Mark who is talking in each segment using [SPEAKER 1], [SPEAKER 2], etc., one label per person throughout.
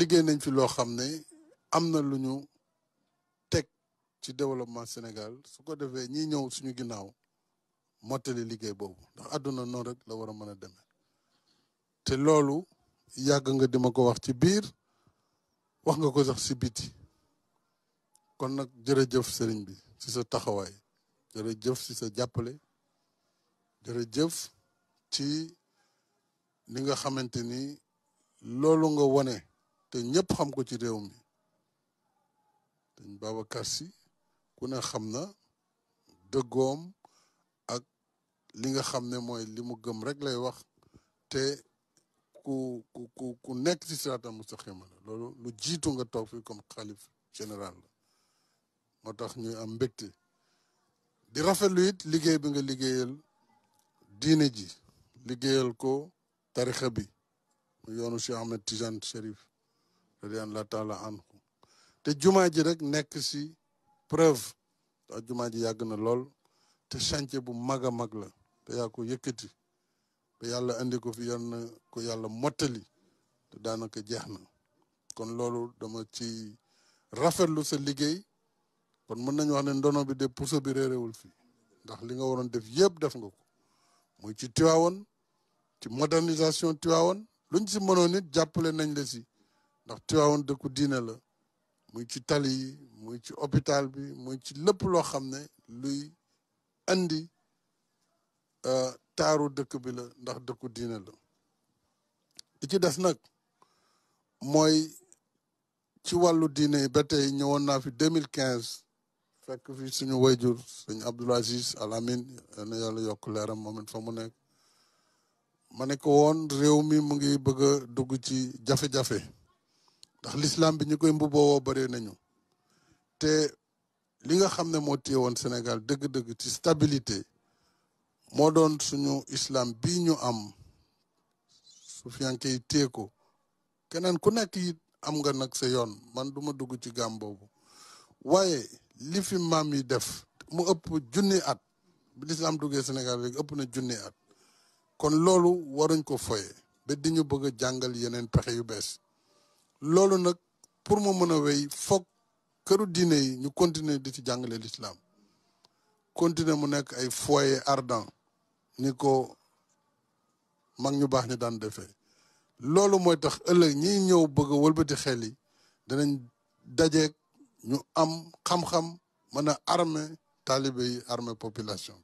[SPEAKER 1] liggéey nañ fi loo xam ne am na lu ñu teg ci développement Sénégal su ko defee ñi ñëw suñu ginnaaw mottali liggéey boobu ndax àdduna noonu rek la war a mën a demee te loolu yàgg nga dima ko wax ci biir wax nga ko sax si biti kon nag jërëjëf sëriñ bi si sa taxawaay jërëjëf si sa jàppale jërëjëf ci li nga xamante ni loolu nga wone te ñëpp xam ko ci réew mi dañ Babacar Sy ku ne xam na dëggoom ak li nga xam ne mooy li mu gëm rek lay wax te ku ku ku ku nekk ci siraatal mustaqima la loolu lu jiitu nga toog fi comme xalif général la moo tax ñuy am mbégte di rafetlu it liggéey bi nga liggéeyal diine ji liggéeyal ko tarixa bi mu yoonu Cheikh Ahmed Tijane Chérif radiyallahu taala anhu te jumaa ji rek nekk si preuve a jumaa ji yàgg na lool te chantier bu mag a mag la te yaa ko yëkkati te yàlla andi ko fi yan na ko yàlla mottali te daanaka jeex na kon loolu dama ci rafetlu sa liggéey kon mën nañu wax ne ndono bi de puso bi réeréwul fii ndax li nga waroon def yëpp def nga ko muy ci Tiwaawoon ci modernisation Tiwaawoon luñ si mënoon it jàppale nañ la si ndax Tiwaawoon dëkku diine la muy ci taliyi muy ci hôpital bi muy ci lëpp loo xam ne luy andi euh, taaru dëkk bi la ndax dëkku diine la li ci des nag mooy ci wàllu diine yi ba tey ñëwoon naa fi 2015 fekk fi suñu wayjur sëñ Abdoul Aziz Al Amin na yàlla yokk leeram moom it fa mu nekk ma ne ko woon réew mi mu ngi bëgg a dugg ci jafe-jafe ndax l'islam bi ñu koy mbuboowoo bëree nañu te li nga xam ne moo téye woon Sénégal dëgg-dëgg ci stabilité moo doon suñu islam bi ñu am su fiyanke yi téye ko keneen ku nekk it am nga nag sa yoon man duma dugg ci gàm boobu waaye li fi maam yi def mu ëpp junni at lislam lislaam duggee Sénégal rek ëpp na junni at kon loolu waruñ ko foye ba di ñu bëgg a jàngal yeneen pexe yu bees loolu nag pour mu mën a wéy foog këru diine yi ñu continuer di ci jàngale l'islam continuer mu nekk ay foyer ardent ni ko mag ñu baax ni daan defee loolu mooy tax ëllëg ñi ñëw bëgg a wëlbati xel yi danañ dajeeg ñu am xam-xam mën a armer taalibe yi armer population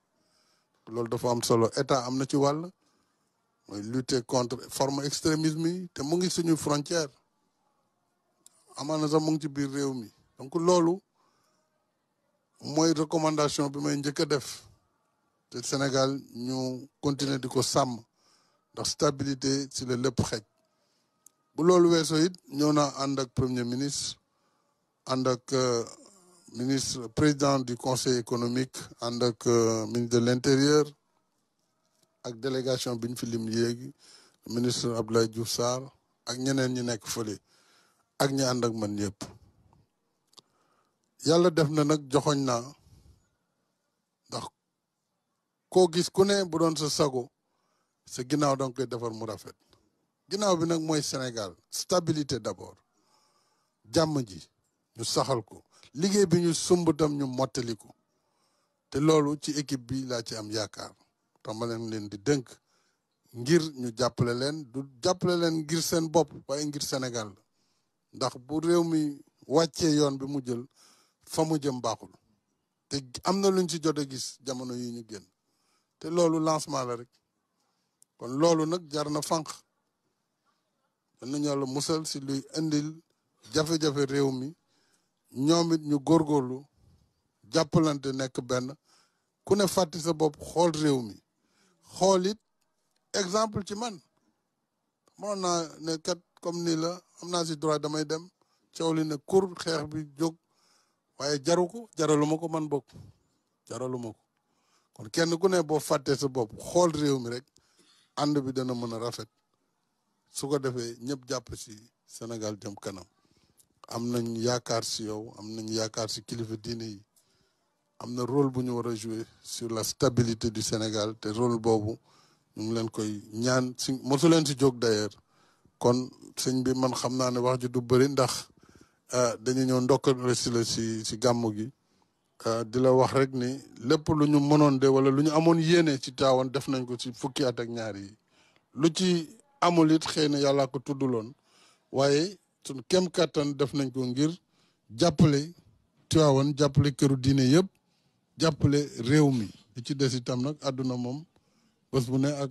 [SPEAKER 1] loolu dafa am solo état am na ci wàll mooy lutter contre forme extrémisme yi te mu ngi suñu frontière amana sax mu donc lolu moy recommandation bi may ñëk def te Sénégal ñu continuer diko sam ndax stabilité ci le lépp xej bu lolu weesoo it ñëw naa ak premier ministre and ak euh, ministre président du conseil économique and ak euh, ministre de l'intérieur ak délégation biñ fi lim léegi ministre Abdoulaye Diouf sar ak ñeneen ñi nekk ak ñi ànd ak man yëpp yàlla def na nag joxoñ naa ndax koo gis ku ne bu doon sa sago sa ginnaaw danga koy defar mu rafet ginnaaw bi nag mooy Sénégal stabilité d'abord jàmm ji ñu saxal ko liggéey bi ñu sumb tam ñu mottali ko te loolu ci équipe bi laa ci am yaakaar tama leen leen di dënk ngir ñu jàppale leen du jàppale leen ngir seen bopp waaye ngir Sénégal ndax bu réew mi wàccee yoon bi mu jël fa mu jëm baaxul te am na luñ ci jot a gis jamono yi ñu génn te loolu lancement la rek kon loolu nag jar na fànq danañu yàlla musal si luy indil jafe-jafe réew mi ñoom it ñu góorgóorlu jàppalante nekk benn ku ne fàtti sa bopp xool réew mi xool it exemple ci man mënoon naa ne kat nii la am naa si droit damay dem coow li ne kur xeex bi jóg waaye jaru ko jaraluma ko man bokk jaraluma ko kon kenn ku ne boo fàttee sa bopp xool réew mi rek ànd bi dana mën a rafet su ko defee ñëpp jàpp si Sénégal jëm kanam am nañ yaakaar si yow am nañ yaakaar si kilifa diine yi am na rôle bu ñu war a jouer sur la stabilité du Sénégal te rôle boobu ñu leen koy ñaan si mosu leen si jóg d'ailleurs kon sëñ bi man xam naa ne wax ji du bëri ndax euh, dañu ñëw ndokkal si si si gàmm gi euh, di la wax rek ni lépp lu ñu mënoon de wala lu ñu amoon yéene ci Tiwaawan def nañ ko ci fukki at ak ñaar yi lu ci amul it xëy na yàllaa ko tudduloon waaye suñ kem kàttan def nañ ko ngir jàppale Tiwaawan jàppale këru diine yëpp jàppale réew mi li ci des itam nag àdduna moom bés bu ne ak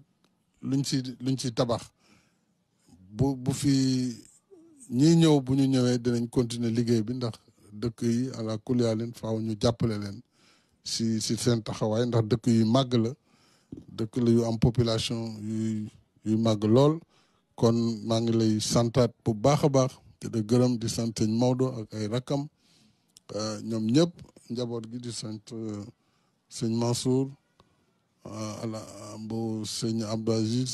[SPEAKER 1] luñ ci luñ ci tabax bu bu fi ñiy ñëw bu ñu ñëwee dinañ continuer liggéey bi ndax dëkk yi àla kuliyaalin faaw ñu jàppale leen si si seen taxawaay ndax dëkk yu màgg la dëkk la yu am population yuy yuy màgg lool kon maa ngi lay santaat bu baax a baax te de gërëm di sant sëñ Maodo ak ay rakkam euh, ñoom ñëpp njaboot gi di sant euh, sëñ Mansour euh, ala bu sëñ Abdou Aziz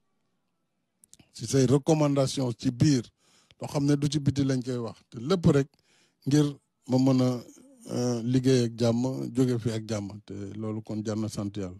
[SPEAKER 1] si say recommandation ci biir loo xam ne du ci biti lañ koy wax te lépp rek ngir ma mën a euh, liggéey ak jàmm jóge fi ak jàmm te loolu kon jar na sant yàlla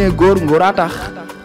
[SPEAKER 1] ne góor ngóoraa tax